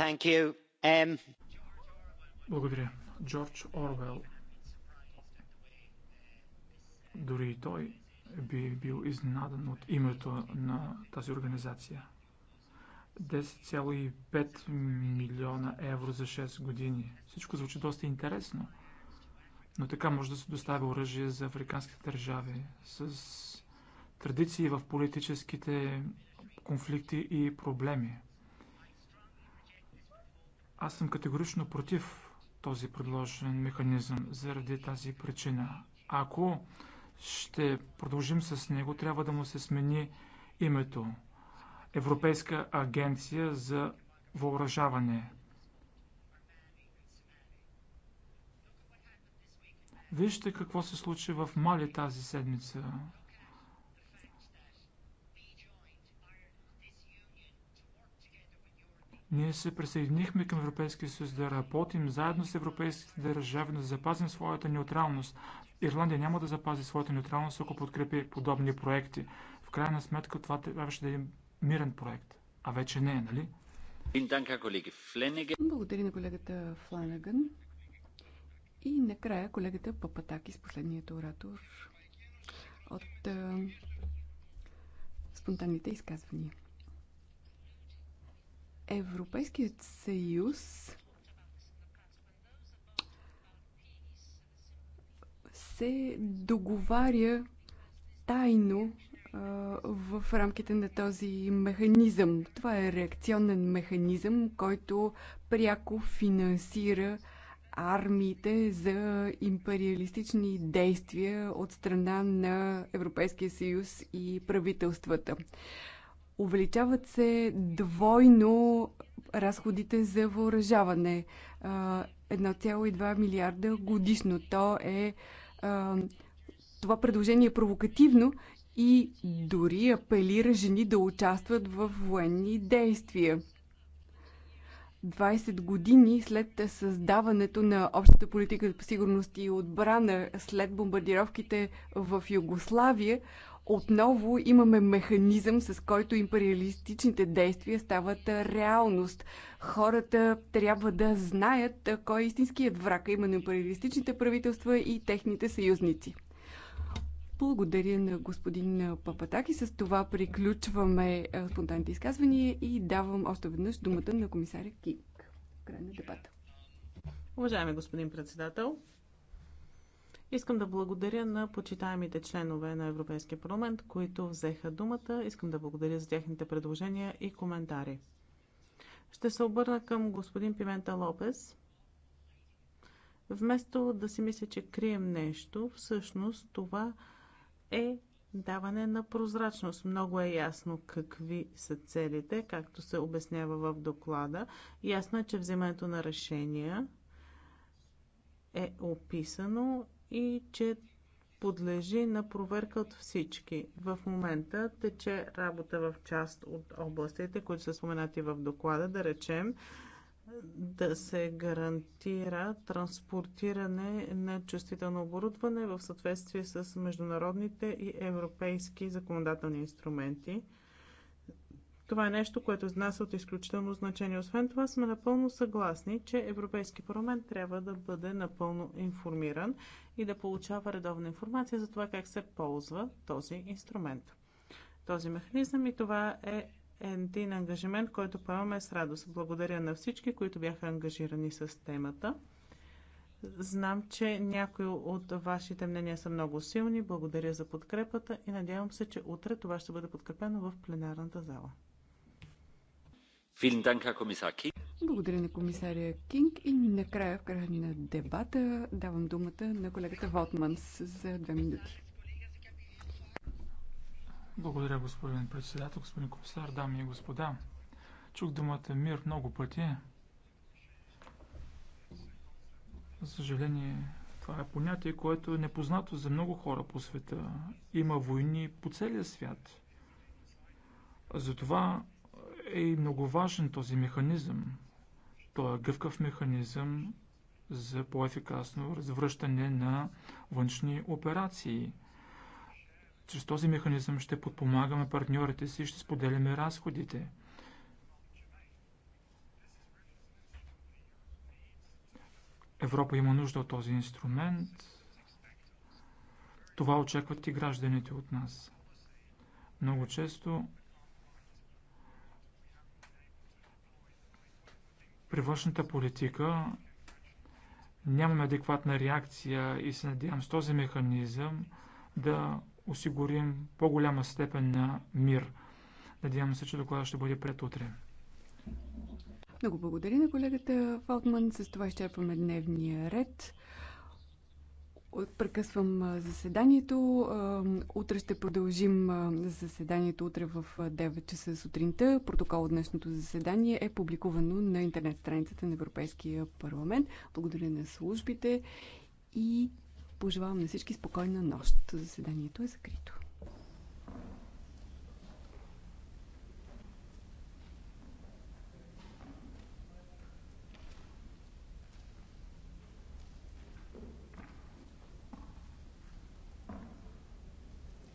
Um... Благодаря. Джордж Орвел. Дори и той би бил изненадан от името на тази организация. 10,5 милиона евро за 6 години. Всичко звучи доста интересно. Но така може да се доставя оръжие за африканските държави с традиции в политическите конфликти и проблеми. Аз съм категорично против този предложен механизъм заради тази причина. Ако ще продължим с него, трябва да му се смени името. Европейска агенция за въоръжаване. Вижте какво се случи в Мали тази седмица. Ние се присъединихме към Европейския съюз да работим заедно с европейските държави, да запазим своята неутралност. Ирландия няма да запази своята неутралност, ако подкрепи подобни проекти. В крайна сметка това трябваше да е мирен проект. А вече не е, нали? Благодаря на колегата Фланаган. И накрая колегата с последният оратор от спонтанните изказвания. Европейският съюз се договаря тайно в рамките на този механизъм. Това е реакционен механизъм, който пряко финансира армиите за империалистични действия от страна на Европейския съюз и правителствата. Увеличават се двойно разходите за въоръжаване. 1,2 милиарда годишно. То е това предложение е провокативно и дори апелира жени да участват в военни действия. 20 години след създаването на общата политика по сигурност и отбрана, след бомбардировките в Югославия, отново имаме механизъм, с който империалистичните действия стават реалност. Хората трябва да знаят кой е истинският враг, а именно империалистичните правителства и техните съюзници. Благодаря на господин Папатак и с това приключваме спонтанните изказвания и давам още веднъж думата на комисаря Кинг. Край на дебата. Уважаеми господин председател, Искам да благодаря на почитаемите членове на Европейския парламент, които взеха думата. Искам да благодаря за техните предложения и коментари. Ще се обърна към господин Пимента Лопес. Вместо да си мисля, че крием нещо, всъщност това е даване на прозрачност. Много е ясно какви са целите, както се обяснява в доклада. Ясно е, че вземането на решения е описано и че подлежи на проверка от всички. В момента тече работа в част от областите, които са споменати в доклада, да речем да се гарантира транспортиране на чувствително оборудване в съответствие с международните и европейски законодателни инструменти това е нещо, което за нас е от изключително значение. Освен това сме напълно съгласни, че Европейски парламент трябва да бъде напълно информиран и да получава редовна информация за това как се ползва този инструмент, този механизъм и това е един ангажимент, който поемаме с радост. Благодаря на всички, които бяха ангажирани с темата. Знам, че някои от вашите мнения са много силни. Благодаря за подкрепата и надявам се, че утре това ще бъде подкрепено в пленарната зала. Благодаря на комисаря Кинг и накрая в края на дебата давам думата на колегата Волтманс за две минути. Благодаря, господин председател, господин комисар, дами и господа. Чух думата мир много пъти. За съжаление, това е понятие, което е непознато за много хора по света. Има войни по целия свят. Затова е и много важен този механизъм. Той е гъвкав механизъм за по-ефикасно развръщане на външни операции. Чрез този механизъм ще подпомагаме партньорите си и ще споделяме разходите. Европа има нужда от този инструмент. Това очакват и гражданите от нас. Много често При външната политика нямаме адекватна реакция и се надявам с този механизъм да осигурим по-голяма степен на мир. Надявам се, че доклада ще бъде пред утре. Много благодаря на колегата Фалтман. С това изчерпваме дневния ред. Прекъсвам заседанието. Утре ще продължим заседанието утре в 9 часа сутринта. Протокол от днешното заседание е публикувано на интернет страницата на Европейския парламент. Благодаря на службите и пожелавам на всички спокойна нощ. Заседанието е закрито.